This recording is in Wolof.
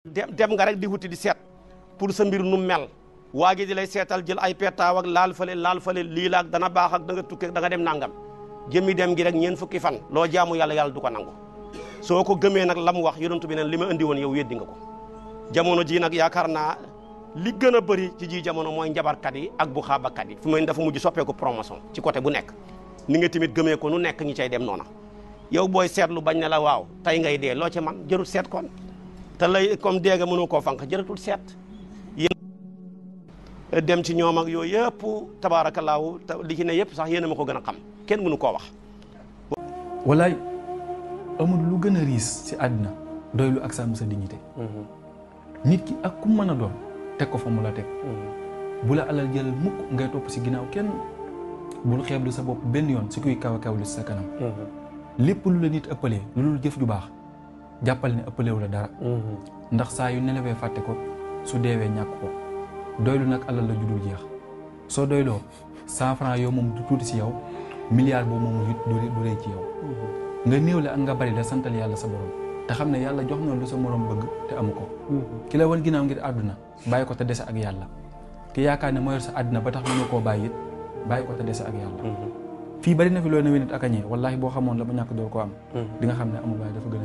dem dem nga rek di wuti di seet pour sa mbir nu mel waa ji di lay seetal jël ay petaaw laal fale laal fale lii laak dana baax ak da danga dem nangam jëmi dem gi rek ñeen fukki fan loo jaamu yàlla yàlla du ko nangu soo ko gëmee nag la mu wax yonent bi neen li ma indi woon yow weddi nga ko jamono ji nag yaakaar naa li gën a bëri ci ji jamono mooy njabarkat yi ak bu xaabakat yi fu may dafa mujj ko promotion ci côté bu nekk ni nga tamit gëmee ko nu nekk ñi cay dem noona yow booy seetlu bañ ne la waaw tey ngay dee loo ci man jërut seet kon te la comme déega mënu koo fànq jërëtul seet yéen dem ci ñoom ak yooyu yëpp tabaarakallaahu li ci ne yëpp sax yéen a ko gën a xam kenn mënu koo wax walaay amul lu gën a riis si àddina doylu ak sàmm sa dignité mhm. nit ki ak ku mën a doon teg ko fa mu la teg mhm. bu la alal jëlal mukk ngay topp si ginnaaw kenn bul xeeblu sa bopp benn yoon si kuy kaw a kaw li sa kanam mhm. lépp lu la nit ëppalee lu dul jëf ju baax jàppal ne ëppalewu la dara mhm. ndax saa yu nelawee fàtte ko su deewee ñàkk ko doylu nag alal la judul jeex soo doyloo cent franc yow moom du tuuti si yow milliard boo moom it du rëy ci yow mhm. nga néew la ak nga bari la santal yàlla sa borom te xam ne yàlla jox na lu sa morom bëgg te am ko mhm. ki la wan ginnaaw ngir àdduna bàyyi ko te dese ak yàlla ki yaakaar ne moo sa àdduna ba tax mënu koo bàyyi bàyyi ko te dese ak yàlla fii bari na fi loo na wénet ak añee wallaahi boo xamoon la ma ñàkk doo ko am di nga xam